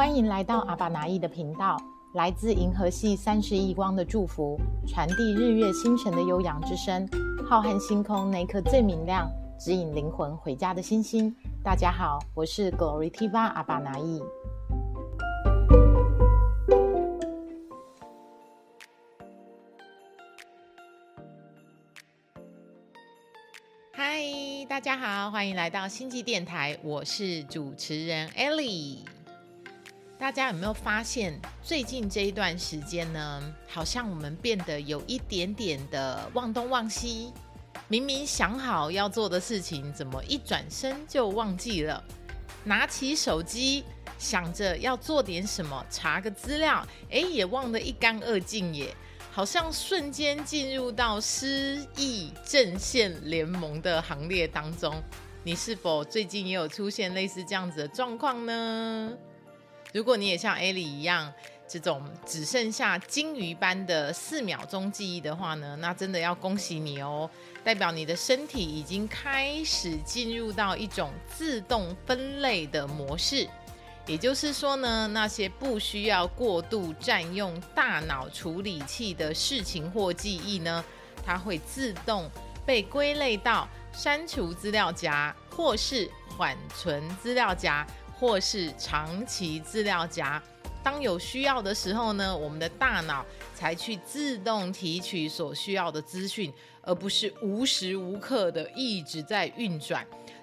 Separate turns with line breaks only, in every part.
歡迎來到阿巴拿意的頻道，來自銀河系三十億光的祝福，傳遞日月星辰的悠揚之聲。浩瀚星空那顆最明亮，指引靈魂回家的星星。大家好，我是 Glory Tiva 阿巴拿意。嗨，大家好，歡迎來到星際電台，我是主持人 Ellie。大家有沒有發現，最近這一段時間呢，好像我們變得有一點點的忘東忘西。明明想好要做的事情，怎麼一轉身就忘記了？拿起手機想着要做點什麼，查個資料，誒、欸，也忘得一乾二淨耶！好像瞬間進入到失憶陣線聯盟的行列當中。你是否最近也有出現類似這樣子的狀況呢？如果你也像 Ellie 一樣，這種只剩下金魚般的四秒鐘記憶的話呢，那真的要恭喜你哦，代表你的身體已經開始進入到一種自動分類的模式。也就是說呢，那些不需要過度佔用大腦處理器的事情或記憶呢，它會自動被歸類到刪除資料夾或是緩存資料夾。或是長期資料夾，當有需要的時候呢，我們的大腦才去自動提取所需要的資訊，而不是無時無刻的一直在運轉。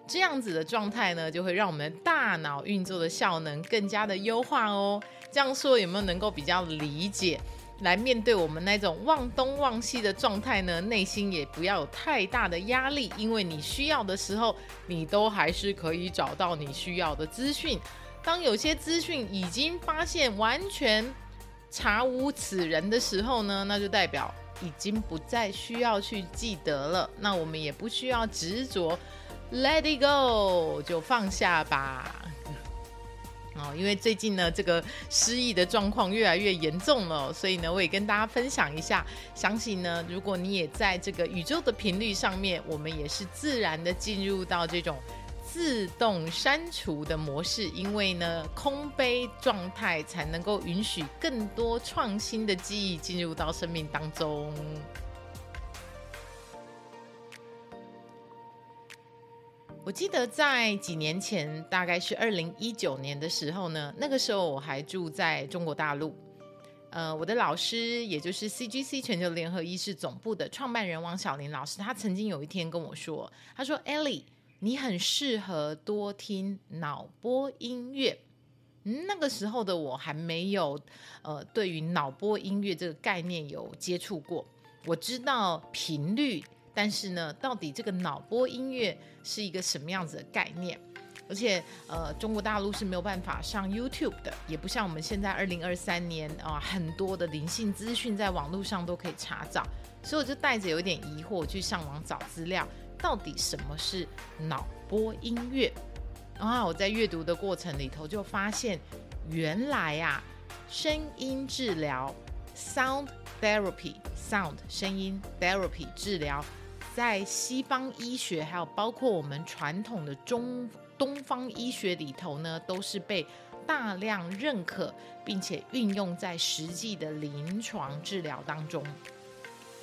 這樣子的狀態呢，就會讓我們的大腦運作的效能更加的優化哦。這樣說有沒有能夠比較理解？來面對我們那種忘東忘西的狀態呢，內心也不要有太大的壓力，因為你需要的時候，你都還是可以找到你需要的資訊。當有些資訊已經發現完全查無此人的時候呢，那就代表已經不再需要去記得了，那我們也不需要執着，Let it go，就放下吧。哦，因為最近呢，這個失憶的狀況越來越嚴重了，所以呢，我也跟大家分享一下。相信呢，如果你也在這個宇宙的頻率上面，我們也是自然地進入到這種自動刪除的模式，因為呢，空杯狀態才能夠允許更多創新的記憶進入到生命當中。我記得在幾年前，大概是二零一九年的時候呢，那個時候我還住在中國大陸。呃，我的老師，也就是 CGC 全球聯合意識總部的創辦人王小林老師，他曾經有一天跟我說：“他說，Ellie，你很適合多聽腦波音樂。嗯”那個時候的我還沒有呃，對於腦波音樂這個概念有接觸過。我知道頻率。但是呢，到底這個腦波音樂是一個什麼樣子的概念？而且，呃，中國大陸是沒有辦法上 YouTube 的，也不像我們現在二零二三年啊，呃，很多的靈性資訊在網絡上都可以查找。所以我就帶着有點疑惑去上網找資料，到底什麼是腦波音樂？啊，我在閱讀的過程裡頭就發現，原來啊，聲音治療 （Sound Therapy）、Sound 聲音 Therapy 治療。在西方醫學，還有包括我們傳統的中東方醫學裡頭呢，都是被大量認可，並且運用在實際的臨床治療當中。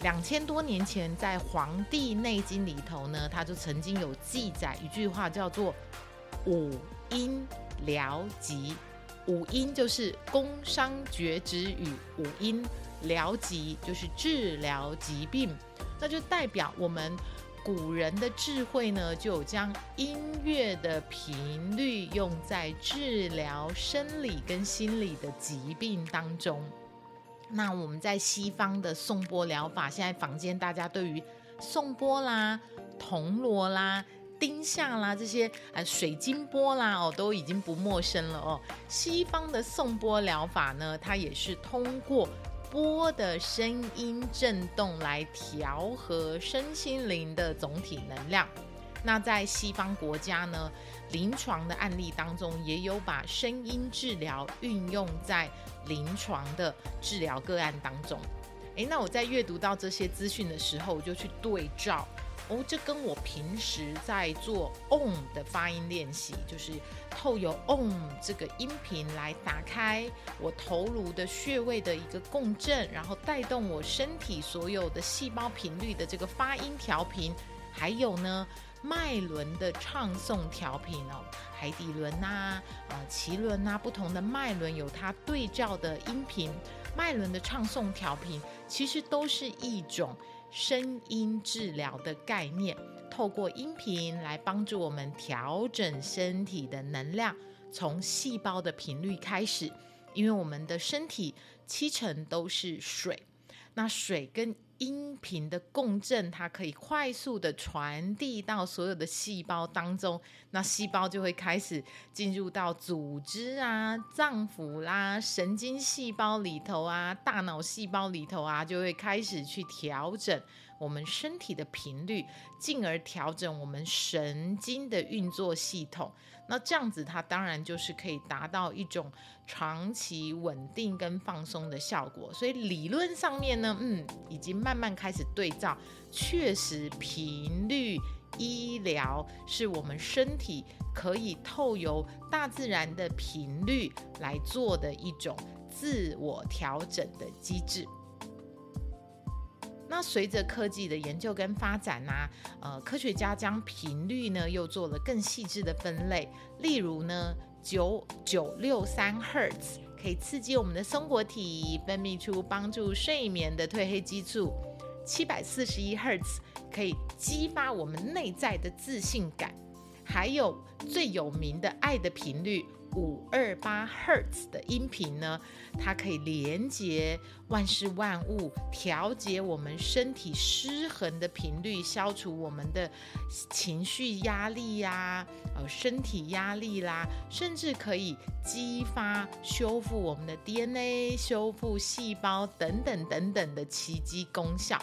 兩千多年前，在《黃帝內經》裡頭呢，他就曾經有記載一句話，叫做“五音療疾”。五音就是工傷絕知與五音療疾，就是治療疾病。那就代表我們古人的智慧呢，就有將音樂的頻率用在治療生理跟心理的疾病當中。那我們在西方的頌缽療法，現在坊間大家對於頌缽啦、銅鑼啦、丁夏啦這些啊，水晶缽啦哦，都已經不陌生了哦。西方的頌缽療法呢，它也是通過波的聲音振動來調和身心靈的總體能量。那在西方國家呢，臨床的案例當中也有把聲音治療運用在臨床的治療個案當中。誒，那我在閱讀到這些資訊的時候，我就去對照。哦，這跟我平時在做 “on” 的發音練習，就是透由 on 這個音頻來打開我頭顱的穴位的一個共振，然後帶動我身體所有的細胞頻率的這個發音調頻。還有呢，脈輪的唱誦調頻哦，海底輪吶、啊，呃，臍輪吶，不同的脈輪有它對照的音頻，脈輪的唱誦調頻其實都是一種。聲音治療的概念，透過音頻來幫助我們調整身體的能量，從細胞的頻率開始。因為我們的身體七成都是水，那水跟音頻的共振，它可以快速地傳遞到所有的細胞當中。那細胞就會開始進入到組織啊、臟腑啦、啊、神經細胞裡頭啊、大腦細胞裡頭啊，就會開始去調整我們身體的頻率，進而調整我們神經的運作系統。那這樣子，它當然就是可以達到一種長期穩定跟放鬆的效果。所以理論上面呢，嗯，已經慢慢開始對照，確實頻率。醫療是我們身體可以透由大自然的頻率來做的一種自我調整的機制。那隨着科技的研究跟發展呢、啊，呃，科學家將頻率呢又做了更細緻的分類，例如呢，九九六三赫茲可以刺激我們的松果體分泌出幫助睡眠的褪黑激素，七百四十一赫茲。可以激發我們內在的自信感，還有最有名的愛的頻率五二八赫茲的音頻呢，它可以連接萬事萬物，調節我們身體失衡的頻率，消除我們的情緒壓力呀、啊、呃身體壓力啦，甚至可以激發修復我們的 DNA、修復細胞等等等等的奇蹟功效。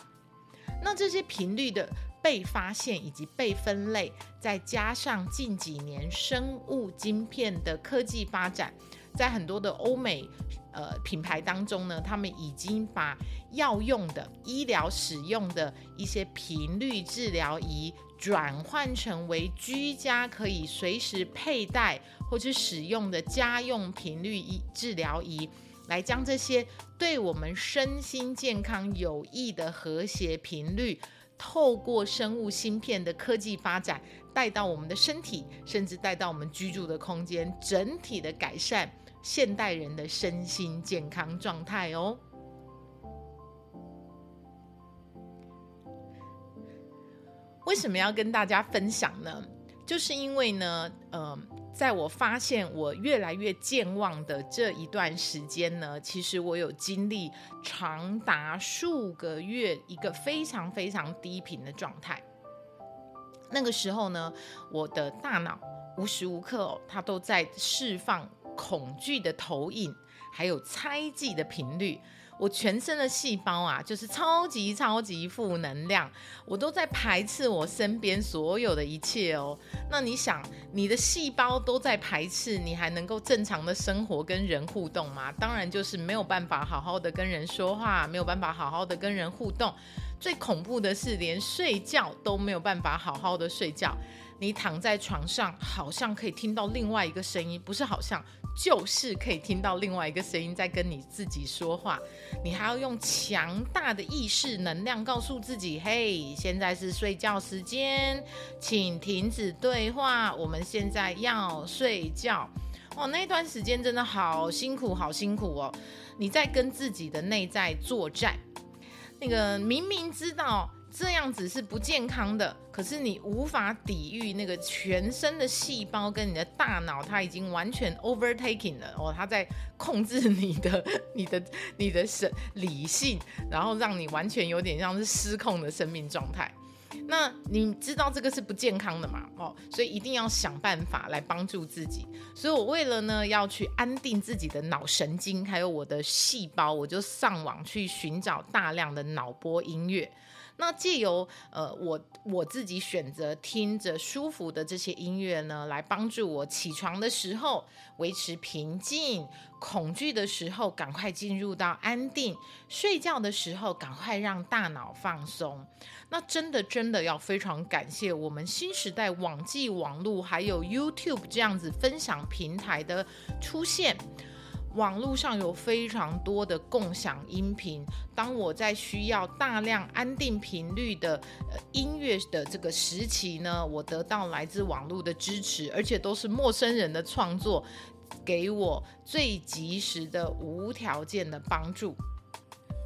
那這些頻率的被發現以及被分類，再加上近幾年生物晶片的科技發展，在很多的歐美，呃品牌當中呢，他們已經把藥用的、醫療使用的、一些頻率治療儀，轉換成為居家可以隨時佩戴或者使用的家用頻率治療儀。來將這些對我們身心健康有益的和諧頻率，透過生物芯片的科技發展，帶到我們的身體，甚至帶到我們居住的空間，整體的改善現代人的身心健康狀態哦。為什麼要跟大家分享呢？就是因為呢，嗯、呃。在我發現我越來越健忘的這一段時間呢，其實我有經歷長達數個月一個非常非常低頻的狀態。那個時候呢，我的大腦無時無刻，哦，它都在釋放恐懼的投影，還有猜忌的頻率。我全身的細胞啊，就是超級超級負能量，我都在排斥我身邊所有的一切哦。那你想，你的細胞都在排斥，你還能夠正常的生活跟人互動嗎？當然就是沒有辦法好好的跟人說話，沒有辦法好好的跟人互動。最恐怖的是，連睡覺都沒有辦法好好的睡覺。你躺在床上，好像可以聽到另外一個聲音，不是好像。就是可以聽到另外一個聲音在跟你自己說話，你還要用強大的意識能量告訴自己：嘿，現在是睡覺時間，請停止對話，我們現在要睡覺。哦，那段時間真的好辛苦，好辛苦哦，你在跟自己的內在作戰。那個明明知道。這樣子是不健康的，可是你無法抵禦那個全身的細胞跟你的大腦，它已經完全 overtaking 了哦，它在控制你的、你的、你的神理性，然後讓你完全有點像是失控的生命狀態。那你知道這個是不健康的嗎？哦，所以一定要想辦法來幫助自己。所以我為了呢，要去安定自己的腦神經，還有我的細胞，我就上網去尋找大量的腦波音樂。那借由呃、我我自己選擇聽着舒服的這些音樂呢，來幫助我起床的時候維持平靜，恐懼的時候趕快進入到安定，睡覺的時候趕快讓大腦放鬆。那真的真的要非常感謝我們新時代網際網路還有 YouTube 這樣子分享平台的出現。網絡上有非常多的共享音頻。當我在需要大量安定頻率的呃音樂的這個時期呢，我得到來自網絡的支持，而且都是陌生人的創作，給我最及時的無條件的幫助。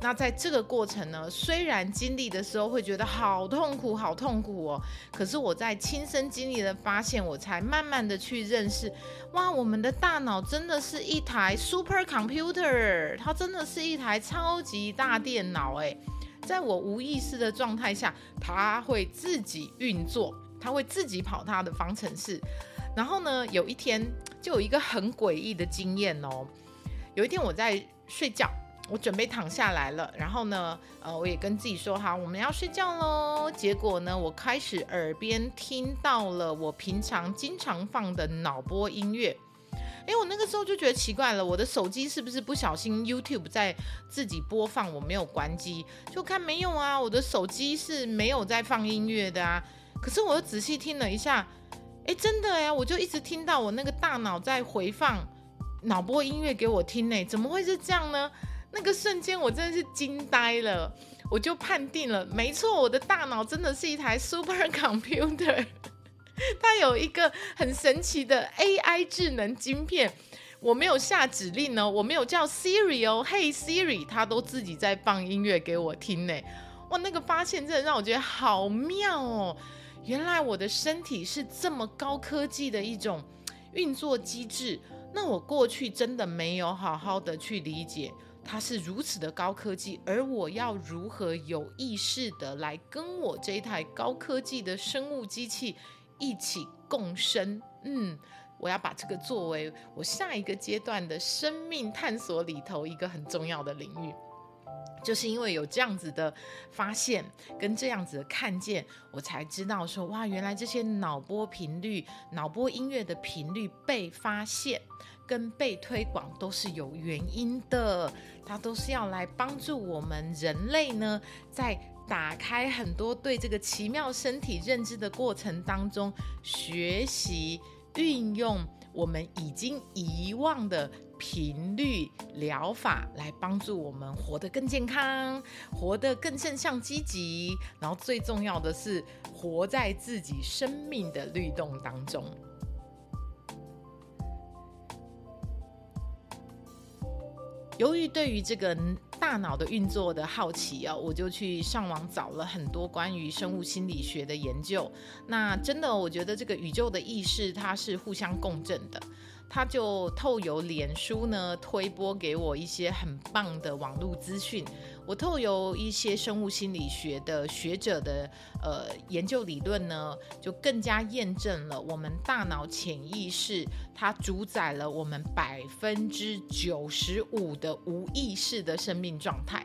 那在這個過程呢，雖然經歷的時候會覺得好痛苦，好痛苦哦。可是我在親身經歷了，發現我才慢慢的去認識，哇，我們的大腦真的是一台 supercomputer，它真的是一台超級大電腦誒。在我無意識的狀態下，它會自己運作，它會自己跑它的方程式。然後呢，有一天就有一個很詭異的經驗哦，有一天我在睡覺。我準備躺下來了，然後呢，呃，我也跟自己說好，我們要睡覺嘍。結果呢，我開始耳邊聽到了我平常經常放的腦波音樂。誒，我那個時候就覺得奇怪了，我的手機是不是不小心 YouTube 在自己播放？我沒有關機，就看沒有啊，我的手機是沒有在放音樂的啊。可是我又仔細聽了一下，誒，真的呀，我就一直聽到我那個大腦在回放腦波音樂給我聽誒，怎麼會是這樣呢？那個瞬間，我真的是驚呆了。我就判定了，沒錯，我的大腦真的是一台 super computer，呵呵，它有一個很神奇的 AI 智能晶片。我沒有下指令呢、哦，我沒有叫 Siri 哦，嘿、hey、Siri，它都自己在放音樂給我聽呢。哇，那個發現真的讓我覺得好妙哦！原來我的身體是這麼高科技的一種運作機制。那我過去真的沒有好好的去理解。它是如此的高科技，而我要如何有意識的來跟我這一台高科技的生物機器一起共生？嗯，我要把這個作為我下一個階段的生命探索裡頭一個很重要的領域。就是因為有這樣子的發現跟這樣子的看見，我才知道說哇，原來這些腦波頻率、腦波音樂的頻率被發現。跟被推廣都是有原因的，它都是要來幫助我們人類呢，在打開很多對這個奇妙身體認知的過程當中，學習運用我們已經遺忘的頻率療法，來幫助我們活得更健康，活得更正向積極，然後最重要的是活在自己生命的律動當中。由於對於這個大腦的運作的好奇啊，我就去上網找了很多關於生物心理學的研究。那真的，我覺得這個宇宙的意識它是互相共振的，它就透由臉書呢推播給我一些很棒的網絡資訊。我透由一些生物心理學的學者的呃研究理論呢，就更加驗證了我們大腦潛意識它主宰了我們百分之九十五的無意識的生命狀態。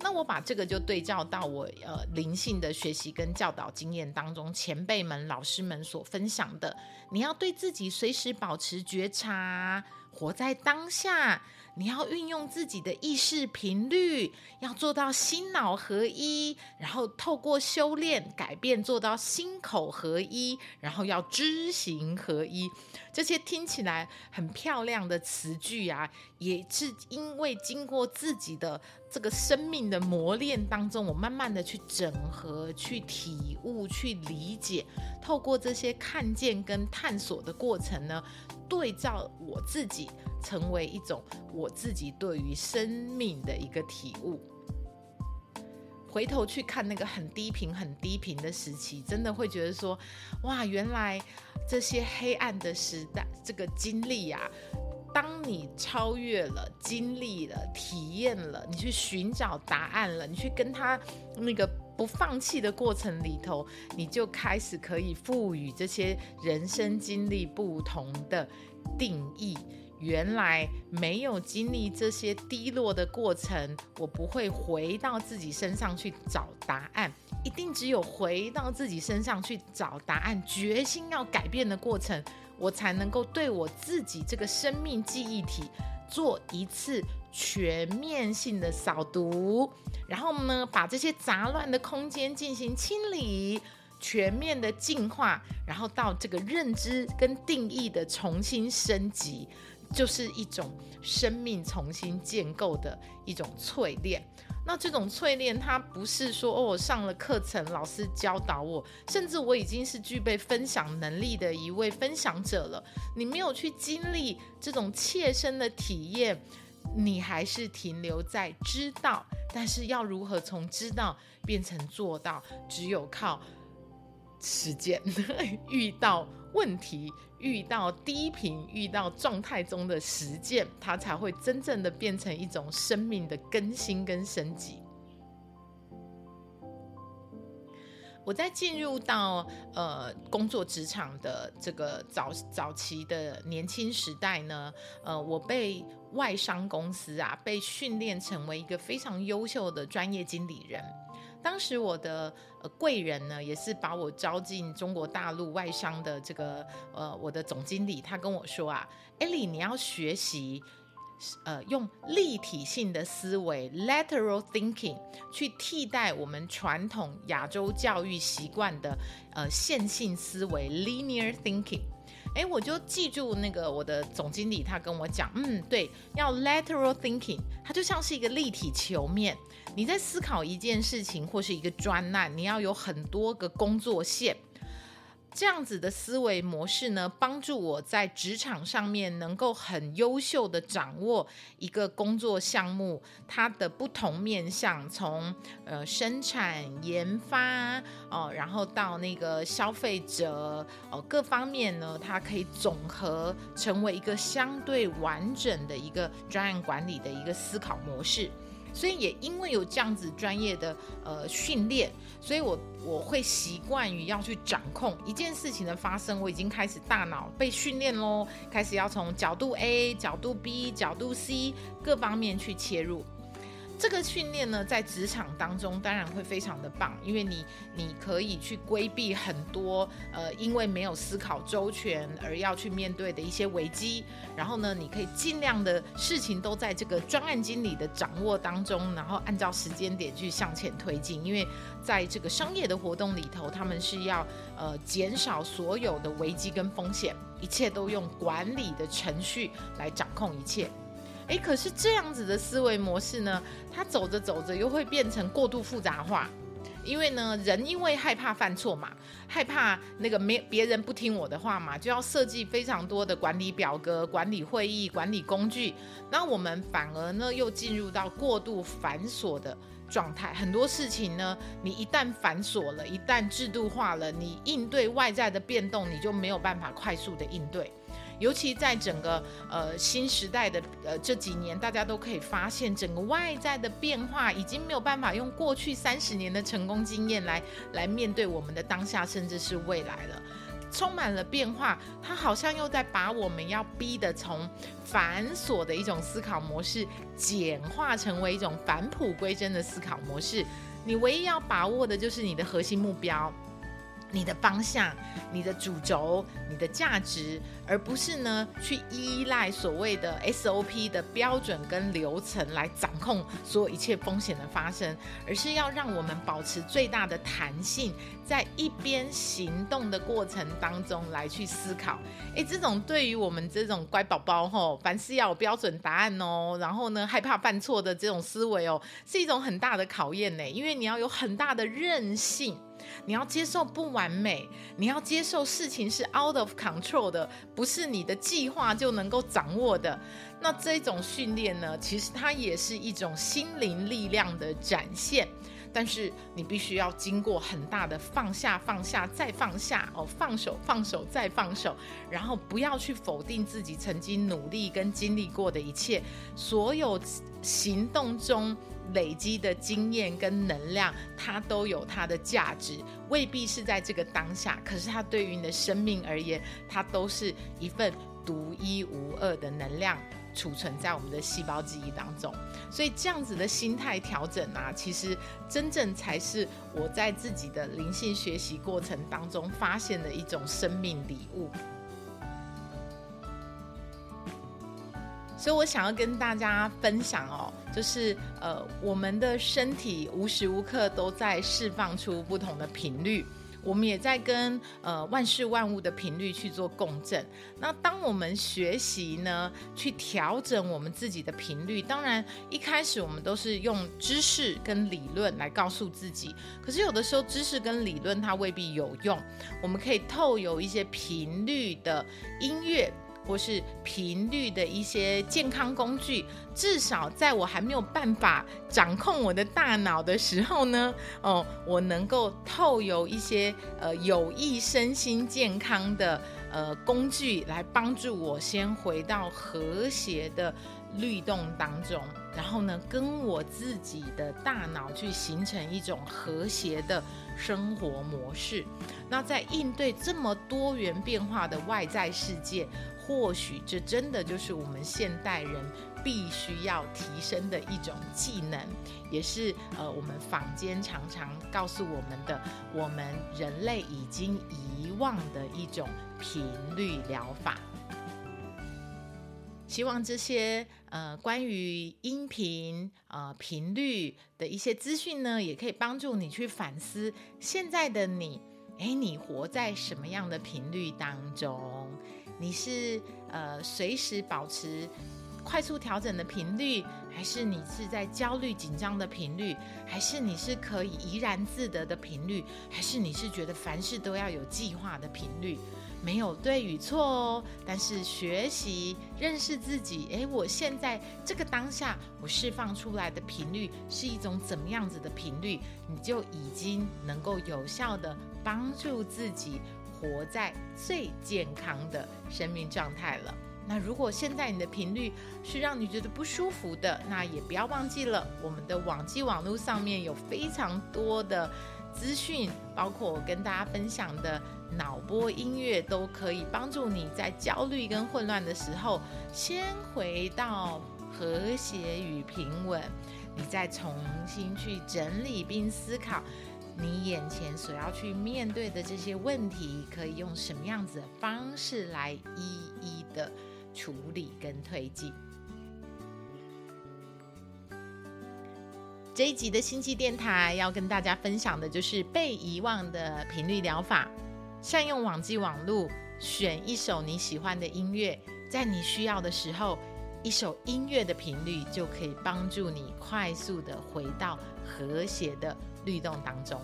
那我把這個就對照到我呃靈性的學習跟教導經驗當中，前輩們、老師們所分享的，你要對自己隨時保持覺察，活在當下。你要運用自己的意識頻率，要做到心腦合一，然後透過修煉改變，做到心口合一，然後要知行合一。這些聽起來很漂亮的詞句啊，也是因為經過自己的這個生命的磨練當中，我慢慢的去整合、去體悟、去理解，透過這些看見跟探索的過程呢，對照我自己，成為一種我自己對於生命的一個體悟。回頭去看那個很低頻、很低頻的時期，真的會覺得說，哇，原來這些黑暗的時代、這個經歷啊，當你超越了、經歷了、體驗了，你去尋找答案了，你去跟他那個不放棄的過程裡頭，你就開始可以賦予這些人生經歷不同的定義。原來沒有經歷這些低落的過程，我不會回到自己身上去找答案。一定只有回到自己身上去找答案，決心要改變的過程，我才能夠對我自己這個生命記憶體做一次全面性的掃毒，然後呢，把這些雜亂的空間進行清理，全面的進化，然後到這個認知跟定義的重新升級。就是一種生命重新建構的一種淬煉。那這種淬煉，它不是說哦，我上了課程，老師教導我，甚至我已經是具備分享能力的一位分享者了。你沒有去經歷這種切身的體驗，你還是停留在知道。但是要如何從知道變成做到，只有靠實踐，遇到問題，遇到低頻，遇到狀態中的實踐，它才會真正的變成一種生命的更新跟升級。我在進入到呃工作職場的這個早早期的年輕時代呢，呃，我被外商公司啊，被訓練成為一個非常優秀的專業經理人。當時我的、呃、貴人呢，也是把我招進中國大陸外商的這個呃，我的總經理，他跟我說啊，Ellie，你要學習呃，用立體性的思維 （lateral thinking） 去替代我們傳統亞洲教育習慣的呃線性思維 （linear thinking）。哎，我就記住那個我的總經理，他跟我講，嗯，對，要 lateral thinking，它就像是一個立體球面，你在思考一件事情或是一個專案，你要有很多個工作線。這樣子的思維模式呢，幫助我在職場上面能夠很優秀的掌握一個工作項目它的不同面向，從呃生產研發哦，然後到那個消費者哦，各方面呢，它可以總和成為一個相對完整的一個專案管理的一個思考模式。所以也因為有這樣子專業的呃訓練，所以我我會習慣於要去掌控一件事情的發生。我已經開始大腦被訓練咯，開始要從角度 A、角度 B、角度 C 各方面去切入。這個訓練呢，在職場當中當然會非常的棒，因為你你可以去規避很多呃，因為沒有思考周全而要去面對的一些危機。然後呢，你可以盡量的事情都在這個專案經理的掌握當中，然後按照時間點去向前推進。因為在這個商業的活動裡頭，他們是要呃，減少所有的危機跟風險，一切都用管理的程序來掌控一切。誒，可是這樣子的思維模式呢，它走着走着又會變成過度複雜化，因為呢，人因為害怕犯錯嘛，害怕那個沒別人不聽我的話嘛，就要設計非常多的管理表格、管理會議、管理工具，那我們反而呢又進入到過度繁瑣的狀態。很多事情呢，你一旦繁瑣了，一旦制度化了，你應對外在的變動，你就沒有辦法快速地應對。尤其在整個呃新時代的呃這幾年，大家都可以發現，整個外在的變化已經沒有辦法用過去三十年的成功經驗來來面對我們的當下，甚至是未來了。充滿了變化，它好像又在把我們要逼得從繁瑣的一種思考模式簡化成為一種返璞歸，歸真的思考模式。你唯一要把握的就是你的核心目標。你的方向、你的主軸、你的價值，而不是呢去依賴所謂的 SOP 的標準跟流程來掌控所有一切風險的發生，而是要讓我們保持最大的彈性，在一邊行動的過程當中來去思考。哎、欸，這種對於我們這種乖寶寶吼，凡事要有標準答案哦、喔，然後呢害怕犯錯的這種思維哦、喔，是一種很大的考驗呢、欸，因為你要有很大的韌性。你要接受不完美，你要接受事情是 out of control 的，不是你的計劃就能夠掌握的。那這種訓練呢，其實它也是一種心靈力量的展現。但是你必須要經過很大的放下、放下再放下哦，放手、放手再放手，然後不要去否定自己曾經努力跟經歷過的一切，所有行動中。累積的經驗跟能量，它都有它的價值，未必是在這個當下，可是它對於你的生命而言，它都是一份獨一無二的能量，儲存在我們的細胞記憶當中。所以這樣子的心態調整啊，其實真正才是我在自己的靈性學習過程當中發現的一種生命禮物。所以我想要跟大家分享哦，就是呃，我們的身體無時無刻都在釋放出不同的頻率，我們也在跟呃萬事萬物的頻率去做共振。那當我們學習呢，去調整我們自己的頻率，當然一開始我們都是用知識跟理論來告訴自己，可是有的時候知識跟理論它未必有用，我們可以透由一些頻率的音樂。或是頻率的一些健康工具，至少在我還沒有辦法掌控我的大腦的時候呢，哦，我能夠透由一些呃有益身心健康的呃工具來幫助我先回到和諧的律動當中。然後呢，跟我自己的大腦去形成一種和諧的生活模式。那在應對這麼多元變化的外在世界，或許這真的就是我們現代人必須要提升的一種技能，也是呃，我們坊間常常告訴我們的，我們人類已經遺忘的一種頻率療法。希望這些呃關於音頻啊、呃、頻率的一些資訊呢，也可以幫助你去反思現在的你。誒，你活在什麼樣的頻率當中？你是呃隨時保持快速調整的頻率，還是你是在焦慮緊張的頻率，還是你是可以怡然自得的頻率，還是你是覺得凡事都要有計劃的頻率？沒有對與錯哦，但是學習認識自己，誒，我現在這個當下，我釋放出來的頻率是一種怎麼樣子的頻率，你就已經能夠有效地幫助自己活在最健康的生命狀態了。那如果現在你的頻率是讓你覺得不舒服的，那也不要忘記了，我們的網際網路上面有非常多的資訊，包括我跟大家分享的。腦波音樂都可以幫助你在焦慮跟混亂的時候，先回到和諧與平穩，你再重新去整理並思考你眼前所要去面對的這些問題，可以用什麼樣子的方式來一一的處理跟推進。這一集的星際電台要跟大家分享的就是被遺忘的頻率療法。善用網際網路，選一首你喜歡的音樂，在你需要的時候，一首音樂的頻率就可以幫助你快速的回到和諧的律動當中。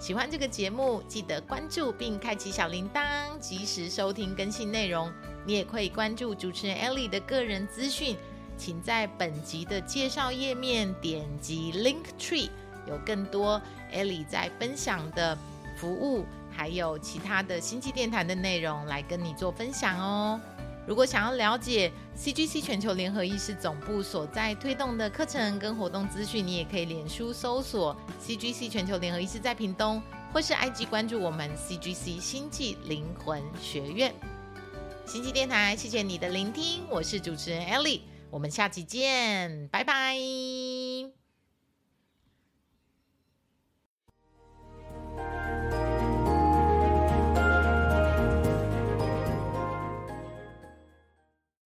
喜歡這個節目，記得關注並開啟小鈴鐺，及時收聽更新內容。你也可以關注主持人 Ellie 的個人資訊，請在本集的介紹頁面點擊 Link Tree，有更多 Ellie 在分享的服務。還有其他的星際電台的內容來跟你做分享哦。如果想要了解 CGC 全球聯合意識總部所在推動的課程跟活動資訊，你也可以臉書搜索 CGC 全球聯合意識在屏東，或是 IG 關注我們 CGC 星際靈魂學院。星際電台，謝謝你的聆聽，我是主持人 Ellie，我們下期見，拜拜。